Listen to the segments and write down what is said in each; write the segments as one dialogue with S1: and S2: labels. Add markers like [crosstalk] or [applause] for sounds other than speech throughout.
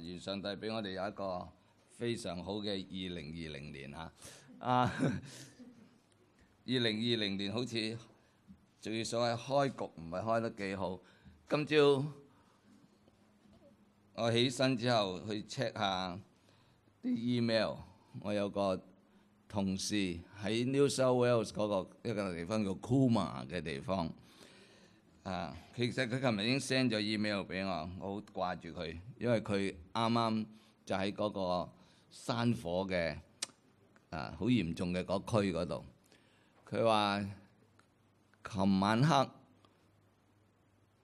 S1: 願上帝俾我哋有一個非常好嘅二零二零年嚇！啊，二零二零年好似仲要所謂開局唔係開得幾好。今朝我起身之後去 check 下啲 email，我有個同事喺 New South Wales 嗰個一個地方叫 Cooma 嘅地方。啊！其實佢琴日已經 send 咗 email 俾我，我好掛住佢，因為佢啱啱就喺嗰個山火嘅啊好嚴重嘅嗰區嗰度。佢話琴晚黑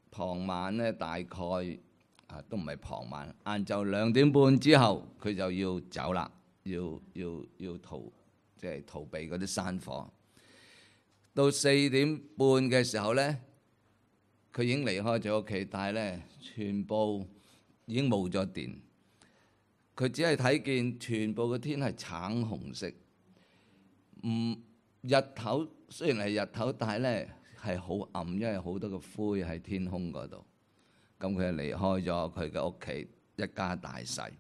S1: 傍晚咧，大概啊都唔係傍晚，晏晝兩點半之後，佢就要走啦，要要要逃，即係逃避嗰啲山火。到四點半嘅時候咧。佢已經離開咗屋企，但係咧，全部已經冇咗電。佢只係睇見全部嘅天係橙紅色。唔，日頭雖然係日頭，但係咧係好暗，因為好多個灰喺天空嗰度。咁佢係離開咗佢嘅屋企，一家大細。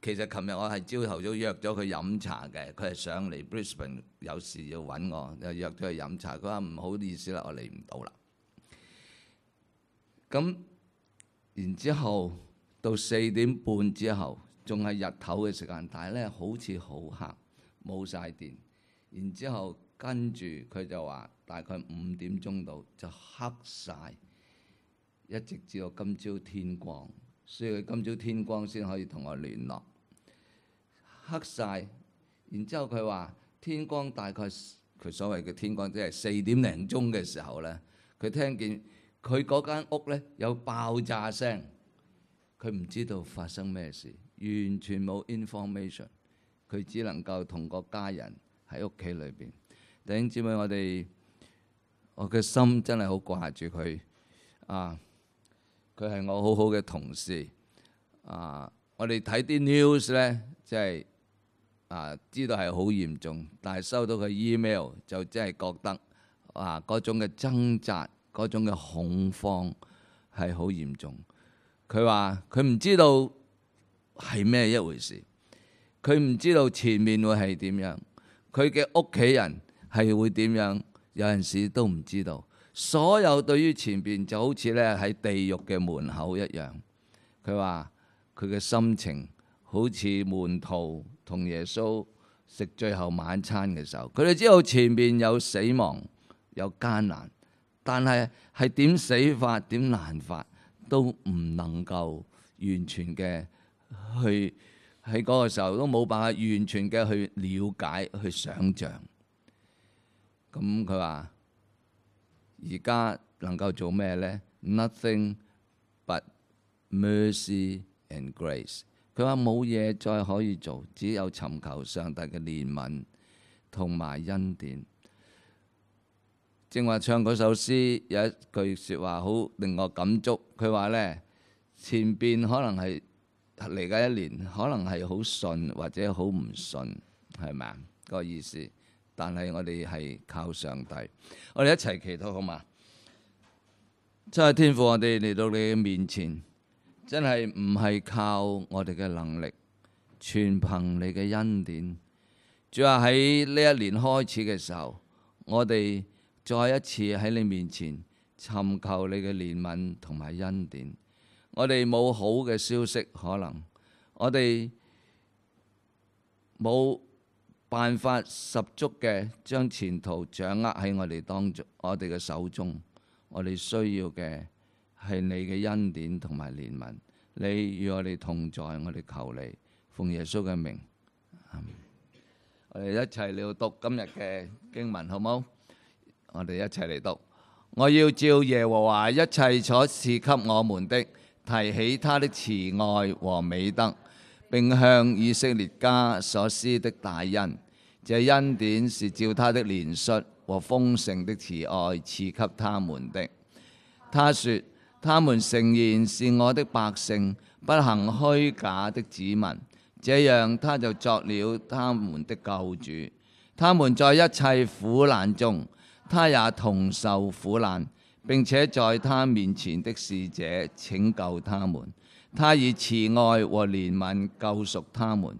S1: 其實琴日我係朝頭早約咗佢飲茶嘅，佢係上嚟 Brisbane 有事要搵我，又約咗佢飲茶。佢話唔好意思啦，我嚟唔到啦。咁，然之後到四點半之後，仲係日頭嘅時間，但係咧好似好黑，冇晒電。然之後跟住佢就話，大概五點鐘到就黑晒，一直，直至到今朝天光，所以佢今朝天光先可以同我聯絡。黑晒，然之後佢話天光大概，佢所謂嘅天光，即係四點零鐘嘅時候咧，佢聽見。佢嗰間屋咧有爆炸聲，佢唔知道發生咩事，完全冇 information，佢只能夠同個家人喺屋企裏邊。弟兄姊妹，我哋我嘅心真係好掛住佢啊！佢係我好好嘅同事啊！我哋睇啲 news 咧，即係啊，知道係好嚴重，但係收到佢 email 就真係覺得啊，嗰種嘅掙扎。嗰種嘅恐慌係好嚴重。佢話：佢唔知道係咩一回事，佢唔知道前面會係點樣，佢嘅屋企人係會點樣，有陣時都唔知道。所有對於前邊就好似咧喺地獄嘅門口一樣。佢話：佢嘅心情好似門徒同耶穌食最後晚餐嘅時候，佢哋知道前面有死亡，有艱難。但係係點死法、點難法，都唔能夠完全嘅去喺嗰個時候都冇辦法完全嘅去了解、去想像。咁佢話：而家能夠做咩呢？Nothing but mercy and grace。佢話冇嘢再可以做，只有尋求上帝嘅憐憫同埋恩典。正話唱嗰首詩有一句説話好令我感觸，佢話呢，前邊可能係嚟緊一年，可能係好順或者好唔順，係咪啊個意思？但係我哋係靠上帝，我哋一齊祈禱好嘛？真係天父，我哋嚟到你面前，真係唔係靠我哋嘅能力，全憑你嘅恩典。主啊，喺呢一年開始嘅時候，我哋，再一次喺你面前尋求你嘅憐憫同埋恩典。我哋冇好嘅消息，可能我哋冇辦法十足嘅將前途掌握喺我哋當中，我哋嘅手中。我哋需要嘅係你嘅恩典同埋憐憫，你與我哋同在，我哋求你，奉耶穌嘅名，我哋一齊嚟讀今日嘅經文，好唔好？我哋一齊嚟讀。我要照耶和華一切所賜給我們的，提起他的慈愛和美德，並向以色列家所施的大恩。這恩典是照他的憐恤和豐盛的慈愛賜給他們的。他說：他們誠然是我的百姓，不行虛假的子民，這樣他就作了他們的救主。他們在一切苦難中。他也同受苦難，並且在他面前的使者拯救他們，他以慈愛和憐憫救贖他們，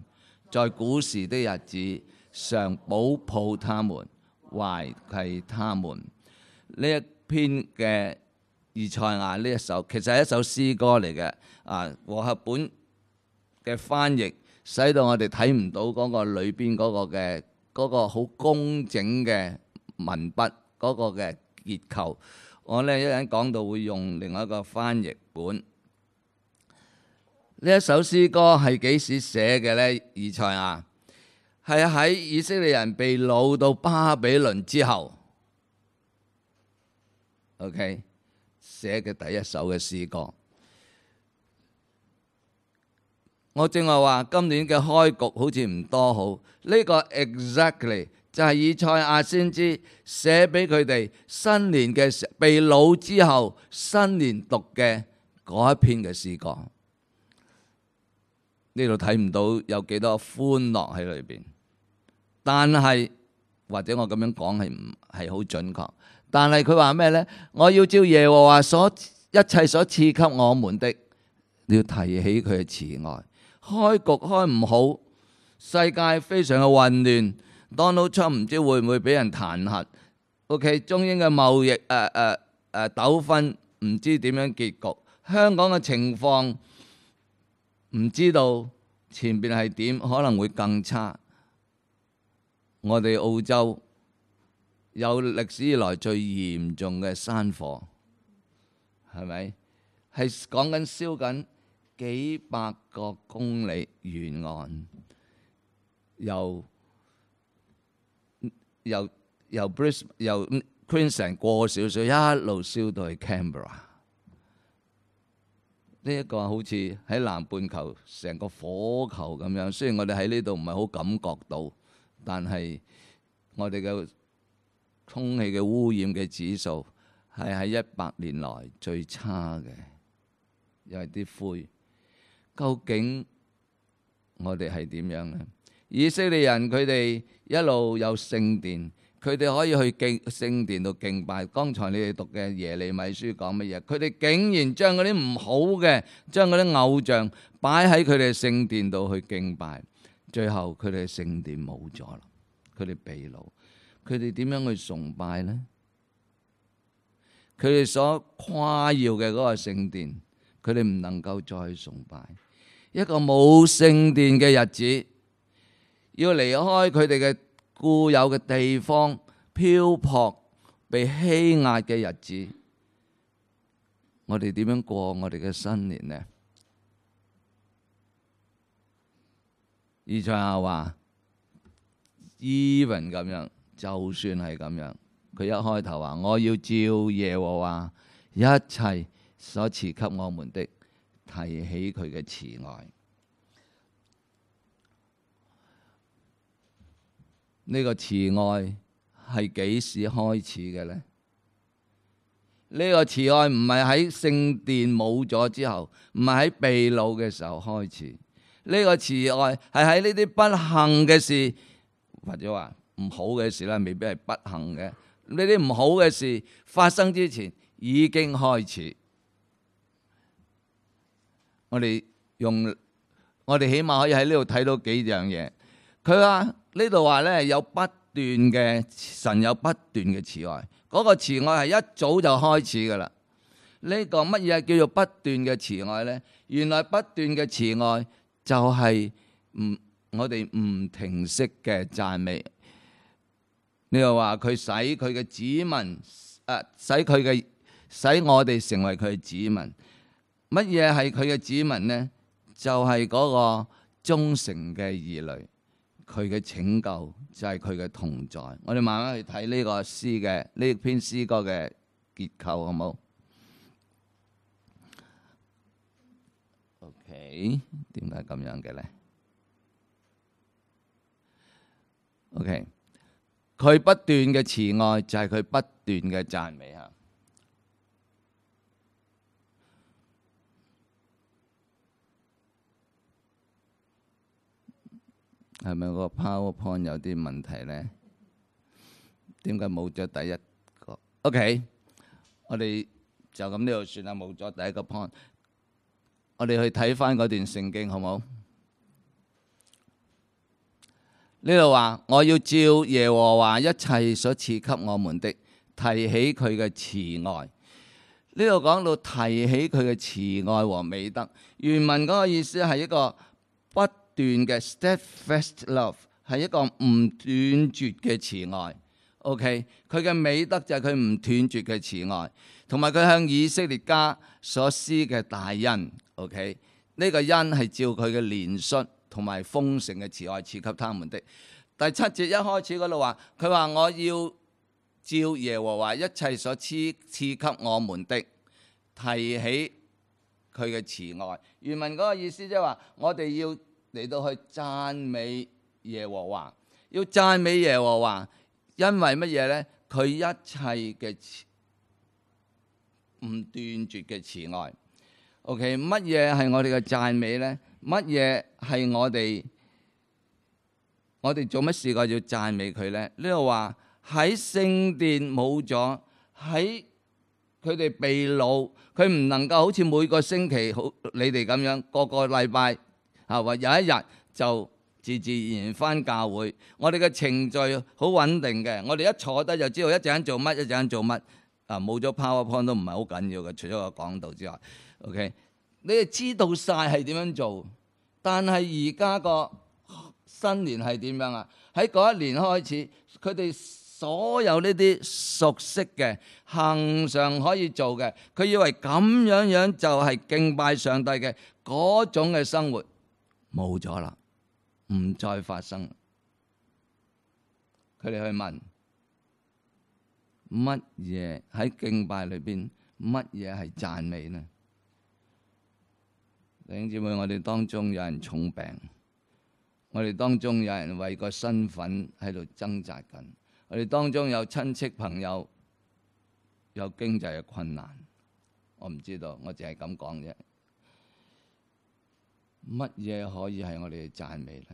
S1: 在古時的日子常保抱他們，懷系他們。呢一篇嘅以賽亞呢一首，其實係一首詩歌嚟嘅。啊，和合本嘅翻譯使到我哋睇唔到嗰個裏邊嗰個嘅嗰個好工整嘅。文筆嗰個嘅結構，我咧一陣講到會用另外一個翻譯本。呢一首詩歌係幾時寫嘅呢？以賽亞，係喺以色列人被擄到巴比倫之後，OK 寫嘅第一首嘅詩歌。我正話話今年嘅開局好似唔多好，呢個 exactly。就係以賽亞先知寫俾佢哋新年嘅，被擄之後新年讀嘅嗰一篇嘅詩歌。呢度睇唔到有幾多歡樂喺裏邊，但係或者我咁樣講係唔係好準確？但係佢話咩咧？我要照耶和華所一切所賜給我們的，你要提起佢嘅慈愛。開局開唔好，世界非常嘅混亂。Donald Trump 唔知會唔會俾人彈劾？O.K. 中英嘅貿易誒誒誒糾紛唔知點樣結局？香港嘅情況唔知道前面係點，可能會更差。我哋澳洲有歷史以來最嚴重嘅山火，係咪？係講緊燒緊幾百個公里沿岸，又。由由 Brisbane 由 Queenstown 過少少，一路燒到去 Canberra，呢一個好似喺南半球成個火球咁樣。雖然我哋喺呢度唔係好感覺到，但係我哋嘅空氣嘅污染嘅指數係喺一百年來最差嘅，又係啲灰。究竟我哋係點樣咧？以色列人佢哋一路有聖殿，佢哋可以去敬聖殿度敬拜。剛才你哋讀嘅耶利米書講乜嘢？佢哋竟然將嗰啲唔好嘅，將嗰啲偶像擺喺佢哋聖殿度去敬拜。最後佢哋聖殿冇咗啦，佢哋被擄，佢哋點樣去崇拜咧？佢哋所誇耀嘅嗰個聖殿，佢哋唔能夠再崇拜一個冇聖殿嘅日子。要離開佢哋嘅固有嘅地方，漂泊、被欺壓嘅日子，我哋點樣過我哋嘅新年呢？以賽亞話，even 咁樣，就算係咁樣，佢一開頭話，我要照耶和華一切所賜給我們的，提起佢嘅慈愛。呢個慈愛係幾時開始嘅咧？呢個慈愛唔係喺聖殿冇咗之後，唔係喺被擄嘅時候開始。呢個慈愛係喺呢啲不幸嘅事或者話唔好嘅事啦，未必係不幸嘅呢啲唔好嘅事發生之前已經開始。我哋用我哋起碼可以喺呢度睇到幾樣嘢。佢話。呢度話咧，有不斷嘅神有不斷嘅慈愛，嗰個慈愛係一早就開始噶啦。呢個乜嘢叫做不斷嘅慈愛咧？原來不斷嘅慈愛就係唔，我哋唔停息嘅讚美。你又話佢使佢嘅子民誒，使佢嘅，使我哋成為佢嘅子民。乜嘢係佢嘅子民咧？就係嗰個忠誠嘅兒女。佢嘅拯救就係佢嘅同在，我哋慢慢去睇呢個詩嘅呢篇詩歌嘅結構好唔好？OK，點解咁樣嘅咧？OK，佢不斷嘅慈愛就係佢不斷嘅讚美嚇。係咪個 PowerPoint 有啲問題咧？點解冇咗第一個？OK，我哋就咁呢度算啦，冇咗第一個 point 我。我哋去睇翻嗰段聖經好冇？呢度話我要照耶和華一切所賜給我們的，提起佢嘅慈愛。呢度講到提起佢嘅慈愛和美德。原文嗰個意思係一個。段嘅 steadfast love 係一個唔斷絕嘅慈愛，OK，佢嘅美德就係佢唔斷絕嘅慈愛，同埋佢向以色列家所施嘅大恩，OK，呢個恩係照佢嘅憐恤同埋豐盛嘅慈愛賜給他們的。第七節一開始嗰度話，佢話我要照耶和華一切所賜賜給我們的，提起佢嘅慈愛，原文嗰個意思即係話我哋要。你都去讚美耶和華，要讚美耶和華，因為乜嘢咧？佢一切嘅唔斷絕嘅慈愛。O.K. 乜嘢係我哋嘅讚美咧？乜嘢係我哋我哋做乜事讚？個要讚美佢咧？呢度話喺聖殿冇咗，喺佢哋被擄，佢唔能夠好似每個星期好你哋咁樣，個個禮拜。嚇或有一日就自自然然翻教會，我哋嘅程序好穩定嘅。我哋一坐低就知道一陣間做乜，一陣間做乜。啊，冇咗 PowerPoint 都唔係好緊要嘅，除咗個講道之外。OK，你哋知道晒係點樣做，但係而家個新年係點樣啊？喺嗰一年開始，佢哋所有呢啲熟悉嘅、恆常可以做嘅，佢以為咁樣樣就係敬拜上帝嘅嗰種嘅生活。冇咗啦，唔再發生。佢哋去問乜嘢喺敬拜裏面，乜嘢係讚美呢？弟兄姊妹，我哋當中有人重病，我哋當中有人為個身份喺度掙扎緊，我哋當中有親戚朋友有經濟嘅困難，我唔知道，我淨係咁講啫。乜嘢可以係我哋嘅讚美咧？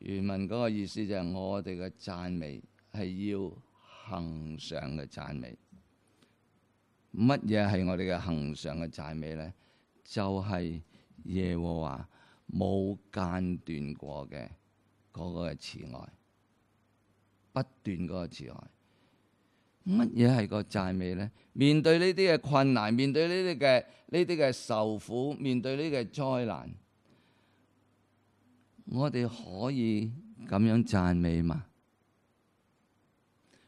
S1: 原文嗰個意思就係我哋嘅讚美係要恆常嘅讚美。乜嘢係我哋嘅恆常嘅讚美咧？就係、是、耶和華冇間斷過嘅嗰個嘅慈愛，不斷嗰個慈愛。乜嘢係個讚美咧？面對呢啲嘅困難，面對呢啲嘅呢啲嘅受苦，面對呢啲嘅災難，我哋可以咁樣讚美嘛？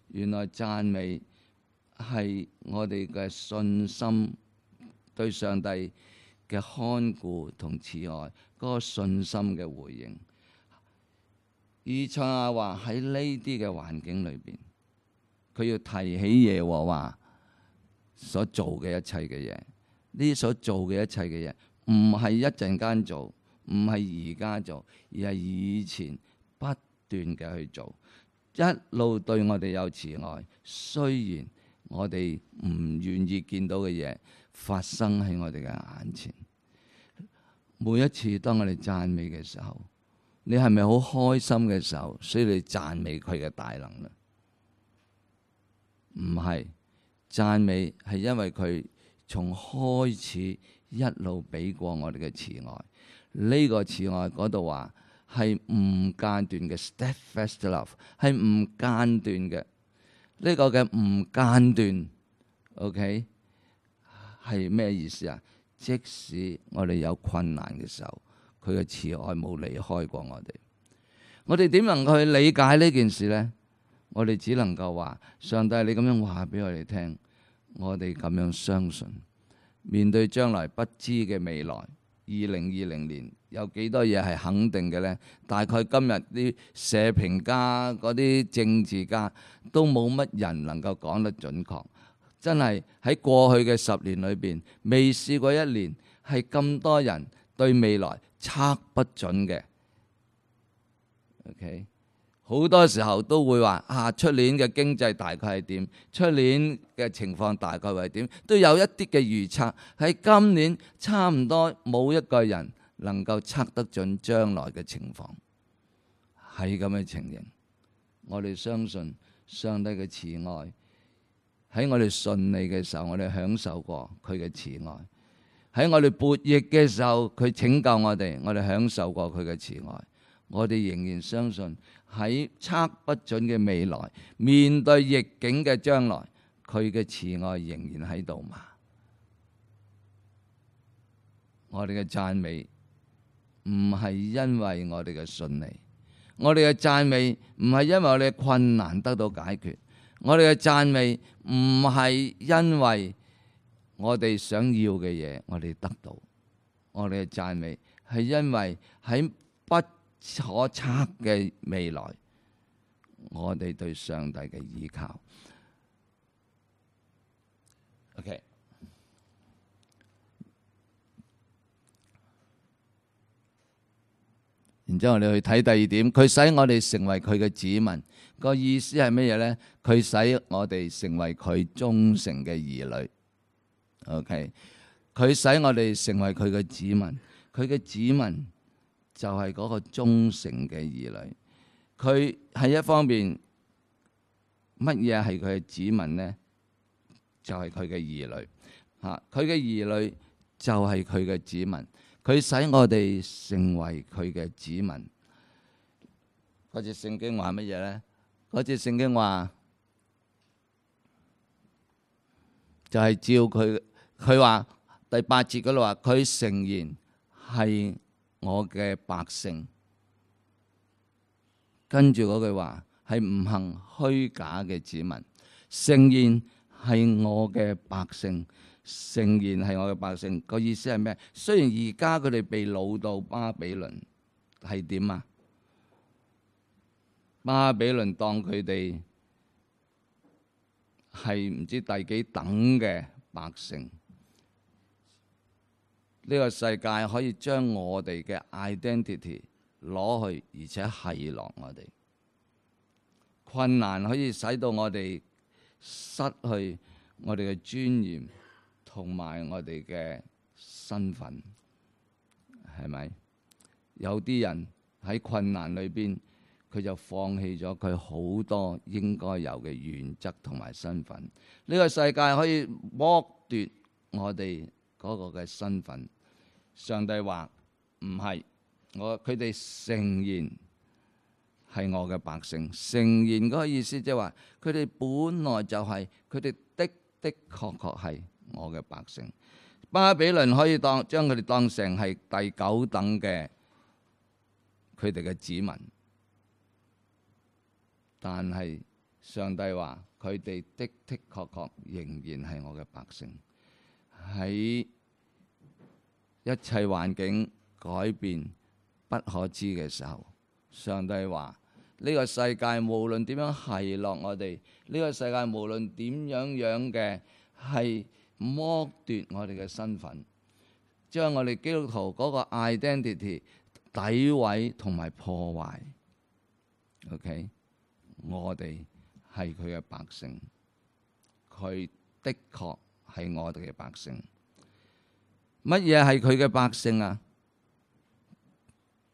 S1: 原來讚美係我哋嘅信心，對上帝嘅看顧同慈愛嗰個信心嘅回應。而耶和華喺呢啲嘅環境裏邊。佢要提起耶和華所做嘅一切嘅嘢，呢啲所做嘅一切嘅嘢，唔係一陣間做，唔係而家做，而係以前不斷嘅去做，一路對我哋有慈愛。雖然我哋唔願意見到嘅嘢發生喺我哋嘅眼前，每一次當我哋讚美嘅時候，你係咪好開心嘅時候？需要你讚美佢嘅大能啦。唔係讚美，係因為佢從開始一路俾過我哋嘅慈愛。呢個慈愛嗰度話係唔間斷嘅 steadfast love，係唔間斷嘅。呢個嘅唔間斷，OK 係咩意思啊？即使我哋有困難嘅時候，佢嘅慈愛冇離開過我哋。我哋點能夠去理解呢件事咧？我哋只能夠話，上帝你咁樣話俾我哋聽，我哋咁樣相信。面對將來不知嘅未來，二零二零年有幾多嘢係肯定嘅呢？大概今日啲社評家、嗰啲政治家都冇乜人能夠講得準確。真係喺過去嘅十年裏邊，未試過一年係咁多人對未來測不準嘅。OK。好多時候都會話：啊，出年嘅經濟大概係點？出年嘅情況大概係點？都有一啲嘅預測。喺今年差唔多冇一個人能夠測得準將來嘅情況，係咁嘅情形。我哋相信上帝嘅慈愛喺我哋順利嘅時候，我哋享受過佢嘅慈愛；喺我哋悖逆嘅時候，佢拯救我哋，我哋享受過佢嘅慈愛。我哋仍然相信。喺測不準嘅未來，面對逆境嘅將來，佢嘅慈愛仍然喺度嘛？我哋嘅讚美唔係因為我哋嘅順利，我哋嘅讚美唔係因為我哋困難得到解決，我哋嘅讚美唔係因為我哋想要嘅嘢我哋得到，我哋嘅讚美係因為喺不可測嘅未來，我哋對上帝嘅依靠。OK，然之後你去睇第二點，佢使我哋成為佢嘅子民。個意思係乜嘢咧？佢使我哋成為佢忠誠嘅兒女。OK，佢使我哋成為佢嘅子民。佢嘅子民。就係嗰個忠誠嘅兒女，佢係一方面乜嘢係佢嘅子民呢？就係佢嘅兒女，嚇佢嘅兒女就係佢嘅子民，佢使我哋成為佢嘅子民。嗰隻聖經話乜嘢咧？嗰隻聖經話就係、是、照佢，佢話第八節嗰度話佢誠然係。我嘅百姓，跟住嗰句話係唔行虛假嘅子民，聖言係我嘅百姓，聖言係我嘅百姓。個意思係咩？雖然而家佢哋被擄到巴比倫，係點啊？巴比倫當佢哋係唔知第幾等嘅百姓。呢個世界可以將我哋嘅 identity 攞去，而且奚落我哋。困難可以使到我哋失去我哋嘅尊嚴同埋我哋嘅身份，係咪？有啲人喺困難裏邊，佢就放棄咗佢好多應該有嘅原則同埋身份。呢個世界可以剝奪我哋。嗰個嘅身份，上帝話唔係我，佢哋誠然係我嘅百姓。誠然嗰意思，就是，即係話佢哋本來就係佢哋的的確確係我嘅百姓。巴比倫可以當將佢哋當成係第九等嘅佢哋嘅子民，但係上帝話佢哋的的確確仍然係我嘅百姓。喺一切環境改變不可知嘅時候，上帝話：呢、這個世界無論點樣奚落我哋，呢、這個世界無論點樣樣嘅係剝奪我哋嘅身份，將我哋基督徒嗰個 identity 詆毀同埋破壞。OK，我哋係佢嘅百姓，佢的確。係我哋嘅百姓，乜嘢係佢嘅百姓啊？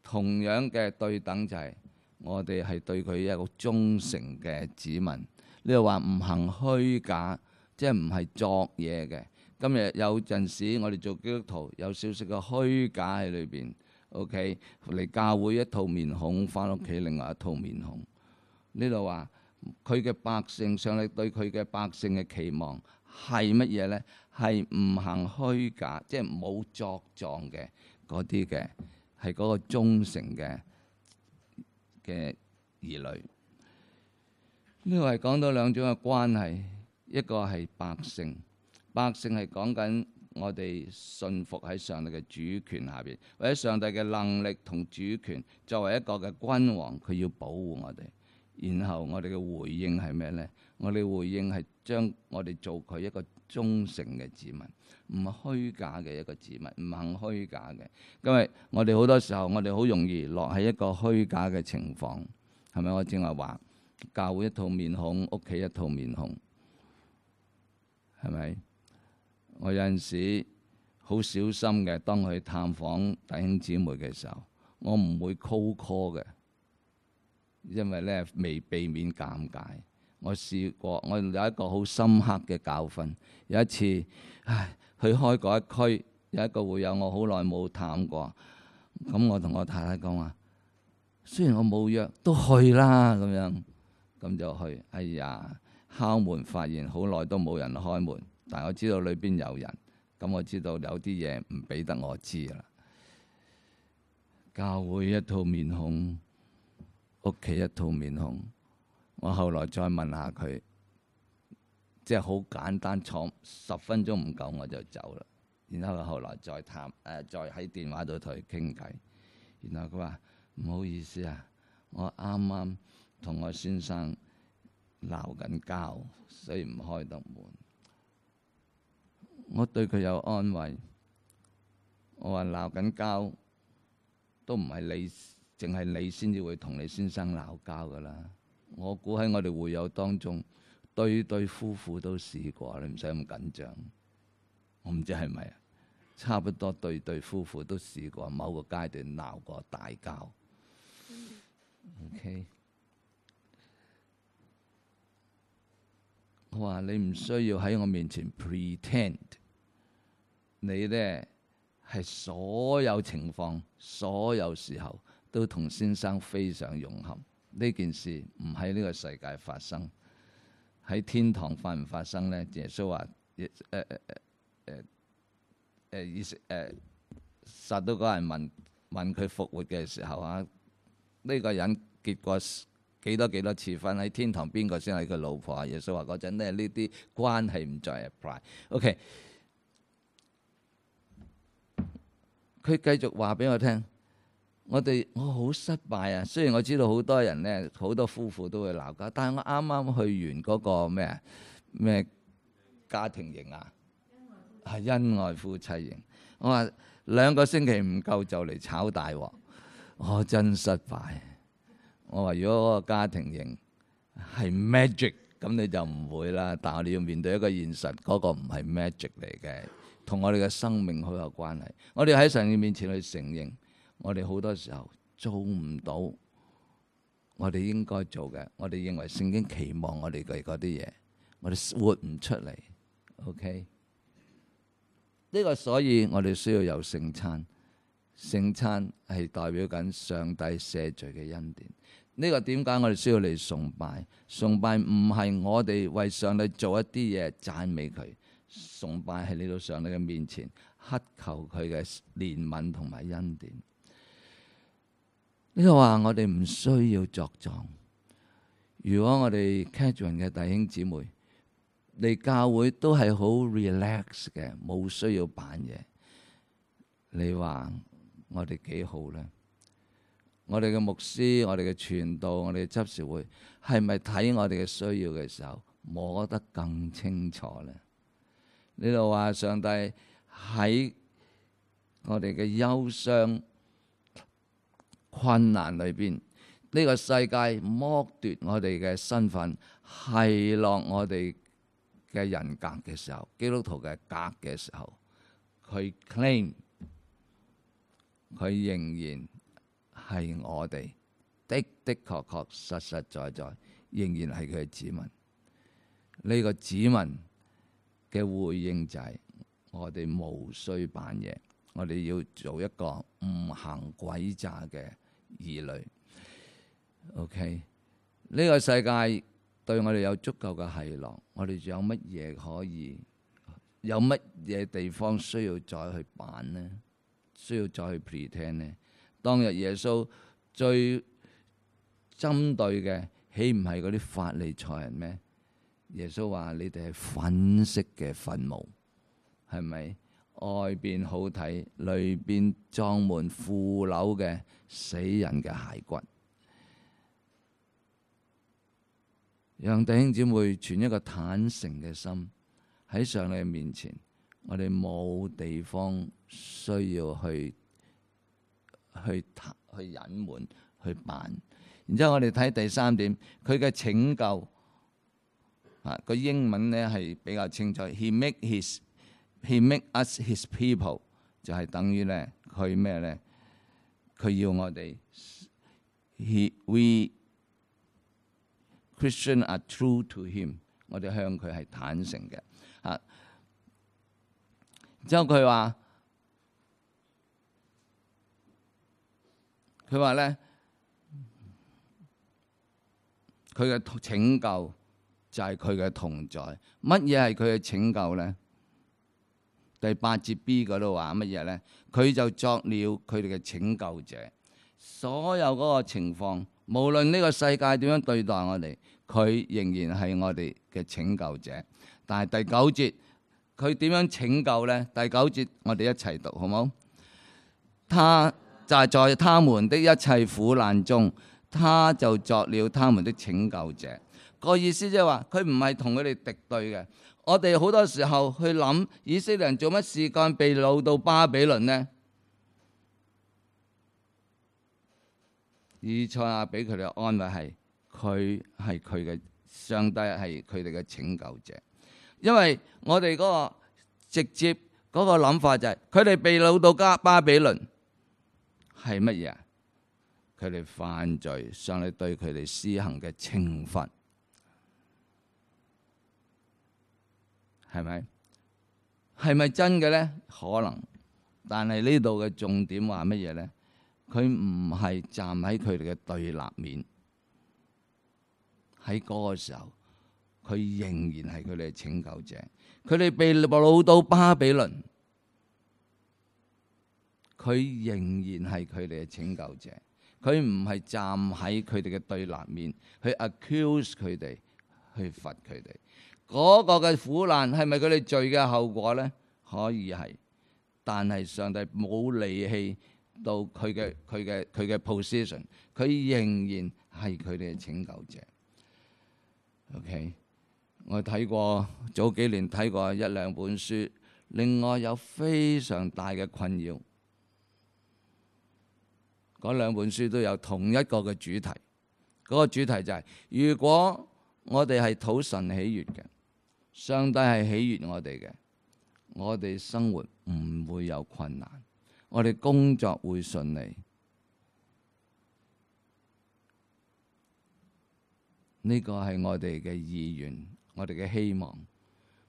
S1: 同樣嘅對等就係我哋係對佢一個忠誠嘅子民。呢度話唔行虛假，即係唔係作嘢嘅。今日有陣時，我哋做基督徒有少少嘅虛假喺裏邊。OK，嚟教會一套面孔，翻屋企另外一套面孔。呢度話佢嘅百姓上嚟對佢嘅百姓嘅期望。係乜嘢咧？係唔行虛假，即係冇作狀嘅嗰啲嘅，係嗰個忠誠嘅嘅兒女。呢個係講到兩種嘅關係，一個係百姓，百姓係講緊我哋信服喺上帝嘅主權下邊，或者上帝嘅能力同主權作為一個嘅君王，佢要保護我哋。然後我哋嘅回應係咩咧？我哋回應係將我哋做佢一個忠誠嘅子民，唔係虛假嘅一個子民，唔肯虛假嘅。因為我哋好多時候，我哋好容易落喺一個虛假嘅情況，係咪？我正話話，教會一套面孔，屋企一套面孔，係咪？我有陣時好小心嘅，當佢探訪弟兄姊妹嘅時候，我唔會 cold call 嘅，因為咧未避免尷尬。我試過，我有一個好深刻嘅教訓。有一次，唉，去開嗰一區，有一個會友，我好耐冇探過。咁我同我太太講話，雖然我冇約，都去啦咁樣。咁就去。哎呀，敲門發現好耐都冇人開門，但我知道裏邊有人。咁我知道有啲嘢唔俾得我知啦。教會一套面孔，屋企一套面孔。我後來再問下佢，即係好簡單，坐十分鐘唔夠我就走啦。然後佢後來再探，誒、呃、再喺電話度同佢傾偈。然後佢話唔好意思啊，我啱啱同我先生鬧緊交，所以唔開得門。我對佢有安慰，我話鬧緊交都唔係你，淨係你先至會同你先生鬧交噶啦。我估喺我哋會友當中，對對夫婦都試過，你唔使咁緊張。我唔知係咪，差不多對對夫婦都試過，某個階段鬧過大交。OK，我話你唔需要喺我面前 pretend，你呢係所有情況、所有時候都同先生非常融洽。呢件事唔喺呢個世界發生，喺天堂發唔發生咧？耶穌話：誒誒誒誒誒，以食誒，殺到嗰人問問佢復活嘅時候啊，呢、這個人結過幾多幾多次婚喺天堂，邊個先係佢老婆啊？耶穌話嗰陣咧，呢啲關係唔再 apply。OK，佢繼續話俾我聽。我哋我好失敗啊！雖然我知道好多人咧，好多夫婦都會鬧交，但係我啱啱去完嗰個咩咩家庭營啊，係恩愛夫妻營。我話兩個星期唔夠就嚟炒大鑊，我真失敗。我話如果個家庭營係 magic，咁你就唔會啦。但係我哋要面對一個現實，嗰個唔係 magic 嚟嘅，同我哋嘅生命好有關係。我哋喺上帝嘅面前去承認。我哋好多時候做唔到我哋應該做嘅，我哋認為聖經期望我哋嘅嗰啲嘢，我哋活唔出嚟。OK，呢個所以我哋需要有聖餐。聖餐係代表緊上帝赦罪嘅恩典。呢個點解我哋需要嚟崇拜？崇拜唔係我哋為上帝做一啲嘢讚美佢，崇拜喺呢度上帝嘅面前乞求佢嘅憐憫同埋恩典。呢度話我哋唔需要作狀。如果我哋 Catherine 嘅弟兄姊妹嚟教會都係好 relax 嘅，冇需要扮嘢，你話我哋幾好咧？我哋嘅牧師、我哋嘅傳道、我哋嘅執事會，係咪睇我哋嘅需要嘅時候摸得更清楚咧？呢度話上帝喺我哋嘅憂傷，困難裏邊，呢、這個世界剝奪我哋嘅身份，奚落我哋嘅人格嘅時候，基督徒嘅格嘅時候，佢 claim 佢仍然係我哋的的確確實實在在，仍然係佢嘅子民。呢、這個子民嘅回應就係、是、我哋無需扮嘢。我哋要做一個唔行詭詐嘅兒女，OK？呢個世界對我哋有足夠嘅喜樂，我哋仲有乜嘢可以？有乜嘢地方需要再去辦呢？需要再去聽呢？當日耶穌最針對嘅，豈唔係嗰啲法利賽人咩？耶穌話：你哋係粉飾嘅墳墓，係咪？外邊好睇，裏邊裝滿腐朽嘅死人嘅骸骨。讓弟兄姊妹存一個坦誠嘅心，喺上帝面前，我哋冇地方需要去去去隱瞞、去扮。然之後我哋睇第三點，佢嘅拯救啊，個英文呢係比較清楚，He make his。He make us his people，就係等於咧，佢咩咧？佢要我哋，He we Christian are true to him，我哋向佢係坦誠嘅啊。之後佢話，佢話咧，佢嘅拯救就係佢嘅同在。乜嘢係佢嘅拯救咧？第八節 B 嗰度話乜嘢呢？佢就作了佢哋嘅拯救者。所有嗰個情況，無論呢個世界點樣對待我哋，佢仍然係我哋嘅拯救者。但係第九節，佢點樣拯救呢？第九節我哋一齊讀好冇？他就係、是、在他們的一切苦難中，他就作了他們的拯救者。個意思即係話，佢唔係同佢哋敵對嘅。我哋好多時候去諗以色列人做乜事幹被擄到巴比倫呢？以賽亞俾佢哋嘅安慰係，佢係佢嘅上帝係佢哋嘅拯救者，因為我哋嗰個直接嗰個諗法就係佢哋被擄到加巴比倫係乜嘢？佢哋犯罪，上帝對佢哋施行嘅懲罰。係咪？係咪真嘅咧？可能，但係呢度嘅重點話乜嘢咧？佢唔係站喺佢哋嘅對立面，喺嗰個時候，佢仍然係佢哋嘅拯救者。佢哋被擄到巴比倫，佢仍然係佢哋嘅拯救者。佢唔係站喺佢哋嘅對立面，去 accuse 佢哋，去罰佢哋。嗰個嘅苦難係咪佢哋罪嘅後果咧？可以係，但係上帝冇離棄到佢嘅佢嘅佢嘅 position，佢仍然係佢哋嘅拯救者。OK，我睇過早幾年睇過一兩本書，另外有非常大嘅困擾。嗰兩本書都有同一個嘅主題，嗰、嗰個主題就係、係、如果我哋係討神喜悅嘅。上帝係喜悅我哋嘅，我哋生活唔會有困難，我哋工作會順利。呢個係我哋嘅意願，我哋嘅希望。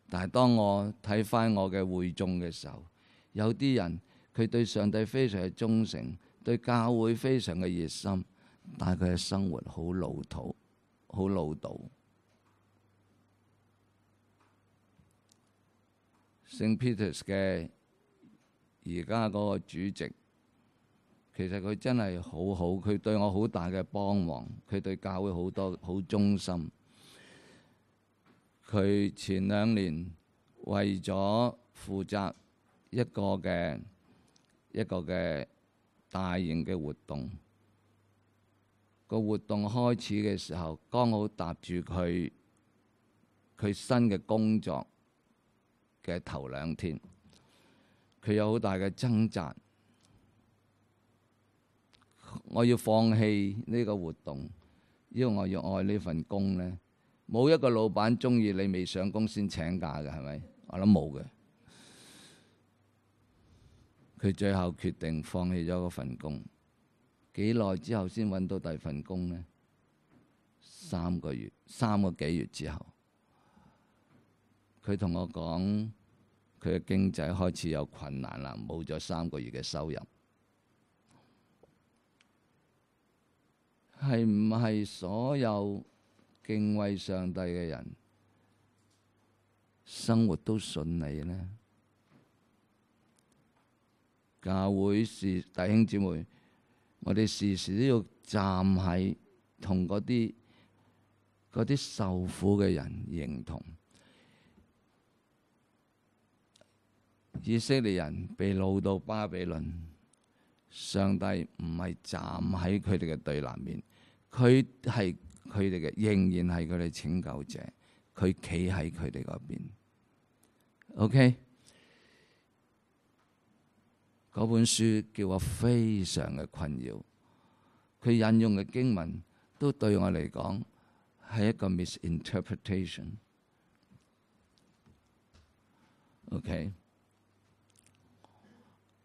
S1: 但係當我睇返我嘅會眾嘅時候，有啲人佢對上帝非常嘅忠誠，對教會非常嘅熱心，但係佢嘅生活好老土，好老道。p e 聖彼得嘅而家個個主席，其實佢真係好好，佢對我好大嘅幫忙，佢對教會好多好忠心。佢前兩年為咗負責一個嘅一個嘅大型嘅活動，個活動開始嘅時候，剛好搭住佢佢新嘅工作。嘅頭兩天，佢有好大嘅掙扎，我要放棄呢個活動，因為我要愛呢份工呢。冇一個老闆中意你未上工先請假嘅，係咪？我諗冇嘅。佢最後決定放棄咗嗰份工，幾耐之後先揾到第二份工呢？三個月，三個幾月之後？佢同我講，佢嘅經濟開始有困難啦，冇咗三個月嘅收入。係唔係所有敬畏上帝嘅人生活都順利呢？教會是弟兄姊妹，我哋時時都要站喺同嗰啲嗰啲受苦嘅人認同。以色列人被擄到巴比倫，上帝唔係站喺佢哋嘅對立面，佢係佢哋嘅，仍然係佢哋拯救者，佢企喺佢哋嗰邊。OK，嗰本書叫我非常嘅困擾，佢引用嘅經文都對我嚟講係一個 misinterpretation。OK。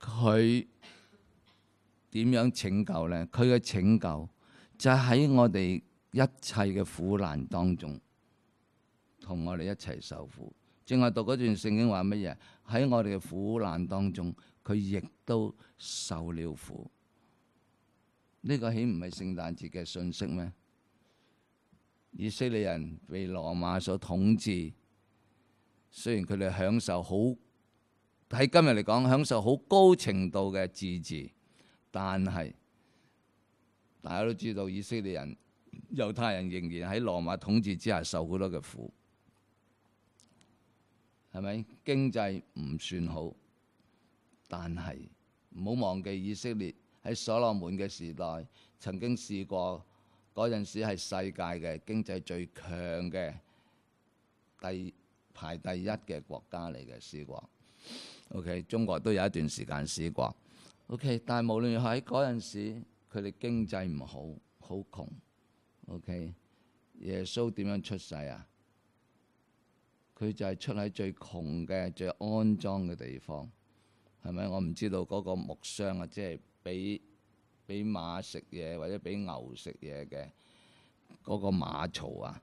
S1: 佢點樣拯救呢？佢嘅拯救就喺我哋一切嘅苦難當中，同我哋一齊受苦。正話讀嗰段聖經話乜嘢？喺我哋嘅苦難當中，佢亦都受了苦。呢個豈唔係聖誕節嘅信息咩？以色列人被羅馬所統治，雖然佢哋享受好，喺今日嚟講，享受好高程度嘅自治，但係大家都知道，以色列人、猶太人仍然喺羅馬統治之下受好多嘅苦，係咪？經濟唔算好，但係唔好忘記以色列喺所羅門嘅時代曾經試過，嗰陣時係世界嘅經濟最強嘅第，排第一嘅國家嚟嘅試過。O.K. 中國都有一段時間試過，O.K. 但係無論喺嗰陣時，佢哋經濟唔好，好窮。O.K. 耶穌點樣出世啊？佢就係出喺最窮嘅、最安裝嘅地方，係咪？我唔知道嗰個木箱啊，即係俾俾馬食嘢或者俾牛食嘢嘅嗰個馬槽啊，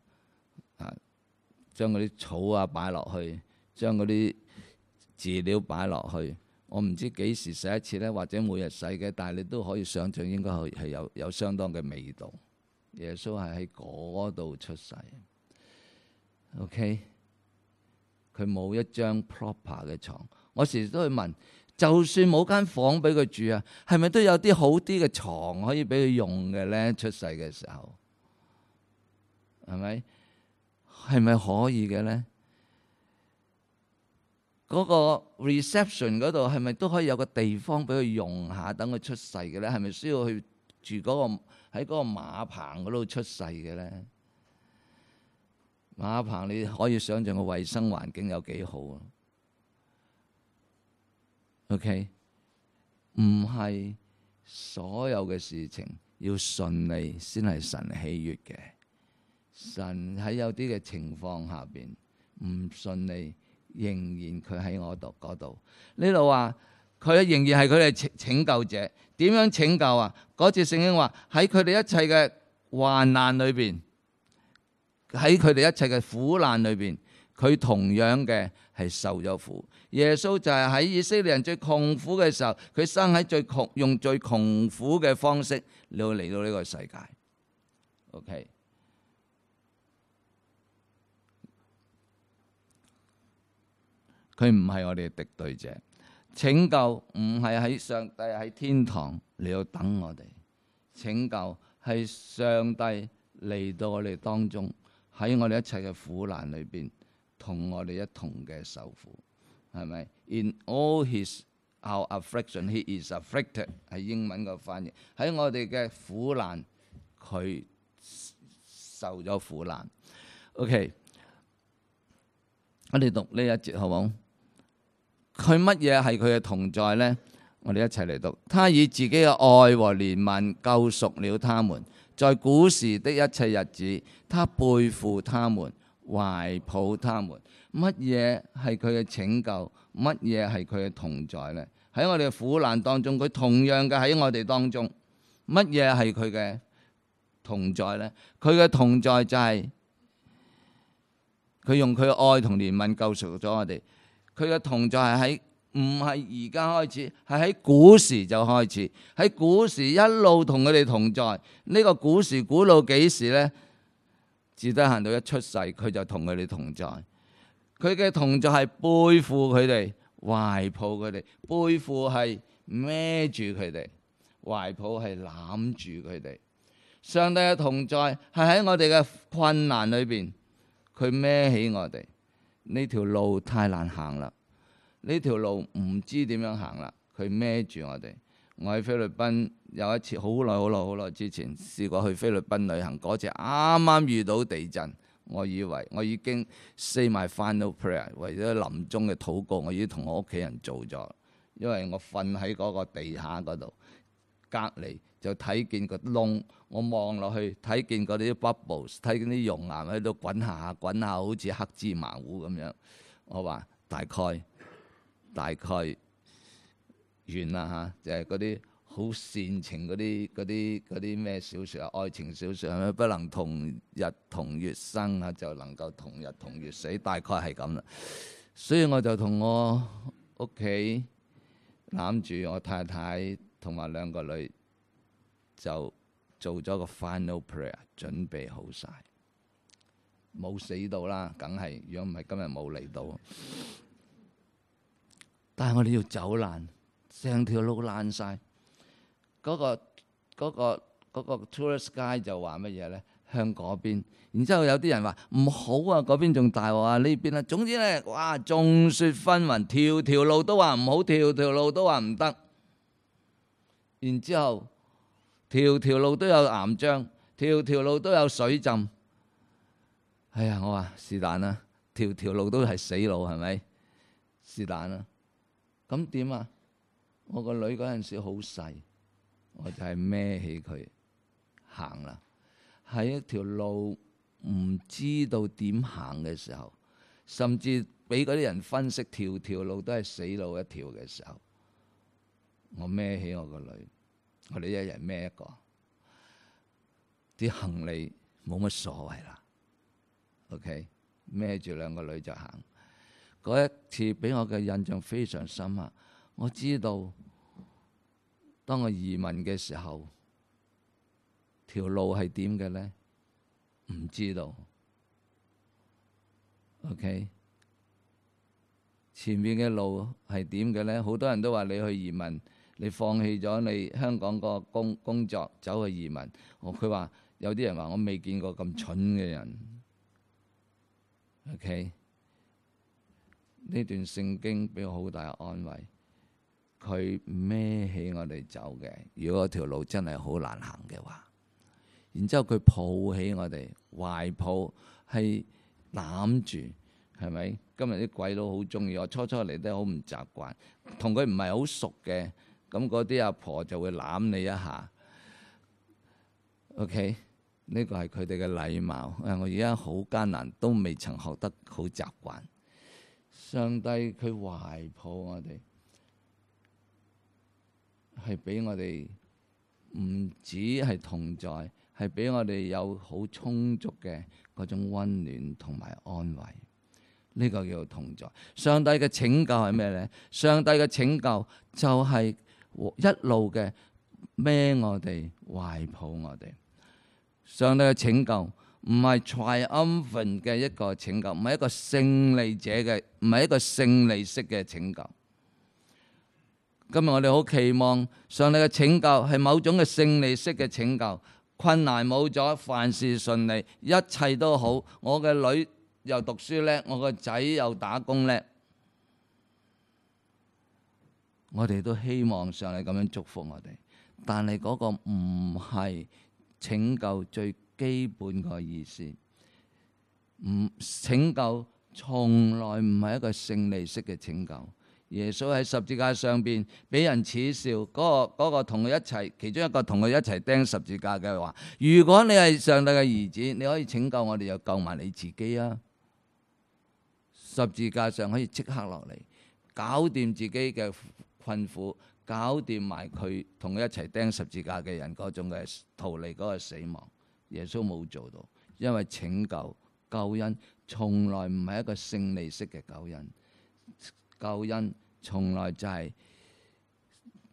S1: 啊，將嗰啲草啊擺落去，將嗰啲。飼料擺落去，我唔知幾時洗一次咧，或者每日洗嘅，但係你都可以想像應該係係有有相當嘅味道。耶穌係喺嗰度出世，OK，佢冇一張 proper 嘅床。我時時都去問，就算冇間房俾佢住啊，係咪都有啲好啲嘅床可以俾佢用嘅咧？出世嘅時候係咪係咪可以嘅咧？嗰個 reception 嗰度係咪都可以有個地方俾佢用下，等佢出世嘅咧？係咪需要去住嗰個喺嗰個馬棚嗰度出世嘅咧？馬棚你可以想象個衞生環境有幾好啊？OK，唔係所有嘅事情要順利先係神喜悅嘅，神喺有啲嘅情況下邊唔順利。仍然佢喺我度嗰度，呢度話佢仍然係佢哋嘅拯救者，點樣拯救啊？嗰次聖經話喺佢哋一切嘅患難裏邊，喺佢哋一切嘅苦難裏邊，佢同樣嘅係受咗苦。耶穌就係喺以色列人最窮苦嘅時候，佢生喺最窮，用最窮苦嘅方式你會嚟到呢個世界。OK。佢唔係我哋嘅敵對者，拯救唔係喺上帝喺天堂你要等我哋，拯救係上帝嚟到我哋當中，喺我哋一切嘅苦難裏邊同我哋一同嘅受苦，係咪？In all his our affliction he is afflicted 係英文嘅翻譯，喺我哋嘅苦難佢受咗苦難。OK，我哋讀呢一節好冇？佢乜嘢係佢嘅同在呢？我哋一齊嚟讀。他以自己嘅愛和憐憫救贖了他們，在古時的一切日子，他背負他們，懷抱他們。乜嘢係佢嘅拯救？乜嘢係佢嘅同在呢？喺我哋嘅苦難當中，佢同樣嘅喺我哋當中。乜嘢係佢嘅同在呢？佢嘅同在就係佢用佢嘅愛同憐憫救贖咗我哋。佢嘅同在係喺唔係而家開始，係喺古時就開始。喺古時一路同佢哋同在。呢、這個古時古老幾時呢？至低限度一出世，佢就同佢哋同在。佢嘅同在係背負佢哋，懷抱佢哋。背負係孭住佢哋，懷抱係攬住佢哋。上帝嘅同在係喺我哋嘅困難裏邊，佢孭起我哋。呢條路太難行啦，呢條路唔知點樣行啦，佢孭住我哋。我喺菲律賓有一次好耐好耐好耐之前試過去菲律賓旅行，嗰次啱啱遇到地震，我以為我已經 say my final prayer，為咗臨終嘅禱告，我已經同我屋企人做咗，因為我瞓喺嗰個地下嗰度隔離。就睇見個窿，我望落去睇見嗰啲 bubbles，睇見啲熔岩喺度滾下滾下滾下，好似黑芝麻糊咁樣。我話大概大概完啦嚇，就係嗰啲好煽情嗰啲嗰啲嗰啲咩小説啊，愛情小説係咪？是不，是不能同日同月生啊，就能夠同日同月死，大概係咁啦。所以我就同我屋企攬住我太太同埋兩個女。就做咗個 final prayer，準備好晒，冇死到啦，梗係如果唔係今日冇嚟到。 [laughs] 但係我哋要走爛，成條路爛晒。嗰、嗰個嗰、嗰個嗰個、tourist guy 就話乜嘢咧？向嗰邊，然之後有啲人話唔好啊，嗰邊仲大鑊、啊，呢邊啦、啊。總之咧，哇，眾說紛紜，條條路都話唔好，條條路都話唔得。然之後。條條路都有岩漿，條條路都有水浸。哎呀，我話是但啦，條條路都係死路，係咪？是但啦。咁點啊？我個女嗰陣時好細，我就係孭起佢行啦。喺一條路唔知道點行嘅時候，甚至俾嗰啲人分析條條路都係死路一條嘅時候，我孭起我個女。我哋一人孭一個，啲行李冇乜所謂啦。OK，孭住兩個女就行。嗰一次俾我嘅印象非常深刻。我知道當我移民嘅時候，條路係點嘅咧？唔知道。OK，前面嘅路係點嘅咧？好多人都話你去移民。你放棄咗你香港個工工作，走去移民。哦，佢話有啲人話我未見過咁蠢嘅人。O K，呢段聖經俾我好大安慰。佢孭起我哋走嘅，如果條路真係好難行嘅話。然之後佢抱起我哋，懷抱係攬住，係咪？今日啲鬼佬好中意我，初初嚟都好唔習慣，同佢唔係好熟嘅。咁嗰啲阿婆就會攬你一下，OK？呢個係佢哋嘅禮貌。我而家好艱難，都未曾學得好習慣。上帝佢懷抱我哋，係俾我哋唔止係同在，係俾我哋有好充足嘅嗰種溫暖同埋安慰。呢個叫做同在。上帝嘅拯救係咩咧？上帝嘅拯救就係。一路嘅孭我哋，懷抱我哋。上帝嘅拯救唔係 triumphant 嘅一個拯救，唔係一個勝利者嘅，唔係一個勝利式嘅拯救。今日我哋好期望上帝嘅拯救係某種嘅勝利式嘅拯救，困難冇咗，凡事順利，一切都好。我嘅女又讀書咧，我個仔又打工咧。我哋都希望上帝咁樣祝福我哋，但係嗰個唔係拯救最基本嘅意思。唔拯救從來唔係一個勝利式嘅拯救。耶穌喺十字架上邊俾人恥笑，嗰、嗰個、嗰個同佢一齊，其中一個同佢一齊釘十字架嘅話，如果你係上帝嘅兒子，你可以拯救我哋又救埋你自己啊！十字架上可以即刻落嚟，搞掂自己嘅。困苦，搞掂埋佢同佢一齊釘十字架嘅人嗰種嘅逃離嗰個死亡，耶穌冇做到，因為拯救救恩從來唔係一個勝利式嘅救恩，救恩從來就係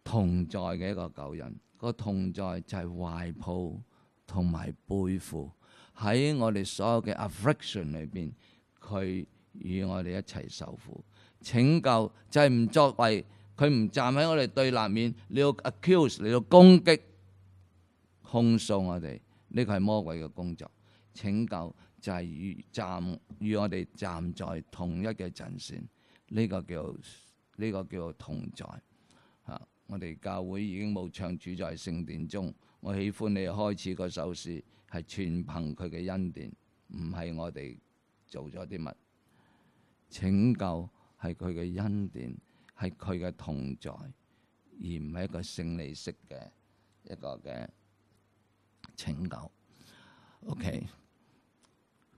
S1: 同在嘅一個救恩。嗰個同在就係懷抱同埋背負喺我哋所有嘅 affliction 裏邊，佢與我哋一齊受苦。拯救就係唔作為。佢唔站喺我哋對立面，你要 accuse 你要攻擊控訴我哋，呢個係魔鬼嘅工作。拯救就係與站與我哋站在同一嘅陣線，呢、這個叫呢、這個叫同在。啊，我哋教會已經冇唱主在聖殿中，我喜歡你開始個首詩係全憑佢嘅恩典，唔係我哋做咗啲乜。拯救係佢嘅恩典。係佢嘅同在，而唔係一個勝利式嘅一個嘅拯救。OK，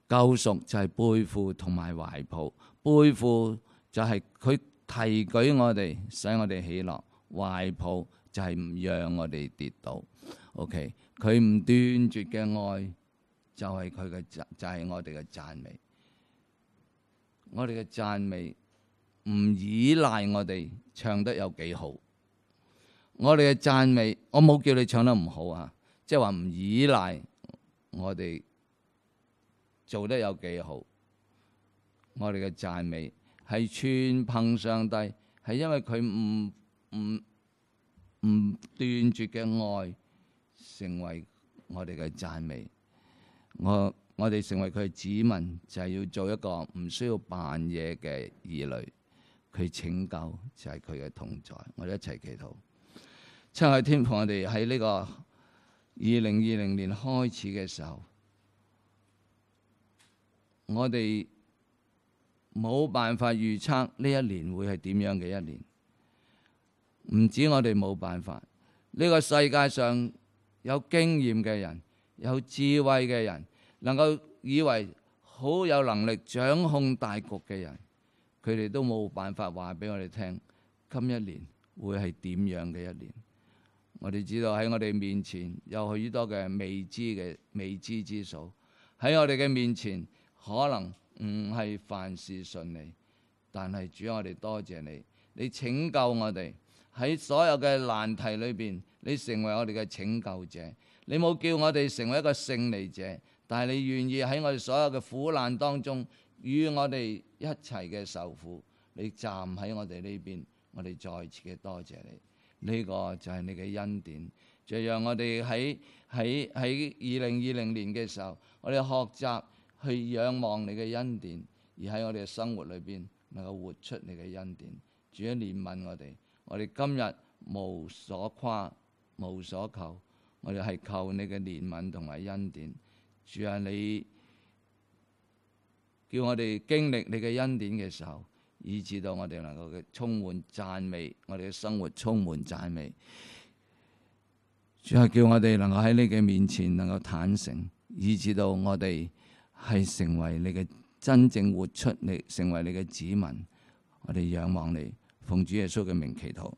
S1: 救贖就係背負同埋懷抱，背負就係佢提舉我哋，使我哋喜樂；懷抱就係唔讓我哋跌倒。OK，佢唔斷絕嘅愛就係佢嘅讚，就係、是、我哋嘅讚美。我哋嘅讚美。唔依賴我哋唱得有幾好，我哋嘅讚美，我冇叫你唱得唔好啊，即係話唔依賴我哋做得有幾好，我哋嘅讚美係全憑上帝，係因為佢唔唔唔斷絕嘅愛成為我哋嘅讚美。我我哋成為佢嘅子民就係、是、要做一個唔需要扮嘢嘅兒女。佢拯救就係佢嘅同在，我哋一齊祈禱，七海天父，我哋喺呢個二零二零年開始嘅時候，我哋冇辦法預測呢一年會係點樣嘅一年。唔止我哋冇辦法，呢個世界上有經驗嘅人、有智慧嘅人，能夠以為好有能力掌控大局嘅人。佢哋都冇辦法話俾我哋聽，今一年會係點樣嘅一年？我哋知道喺我哋面前有許多嘅未知嘅未知之數，喺我哋嘅面前可能唔係凡事順利，但係主，我哋多謝你，你拯救我哋喺所有嘅難題裏邊，你成為我哋嘅拯救者。你冇叫我哋成為一個勝利者，但係你願意喺我哋所有嘅苦難當中。與我哋一齊嘅受苦，你站喺我哋呢邊，我哋再次嘅多謝你。呢、這個就係你嘅恩典，就讓我哋喺喺喺二零二零年嘅時候，我哋學習去仰望你嘅恩典，而喺我哋嘅生活裏邊能夠活出你嘅恩典。主啊，憐憫我哋，我哋今日無所誇，無所求，我哋係求你嘅憐憫同埋恩典。主啊，你。叫我哋經歷你嘅恩典嘅時候，以至到我哋能夠充滿讚美，我哋嘅生活充滿讚美。再叫我哋能夠喺你嘅面前能夠坦誠，以致到我哋係成為你嘅真正活出你，成為你嘅子民。我哋仰望你，奉主耶穌嘅名祈禱。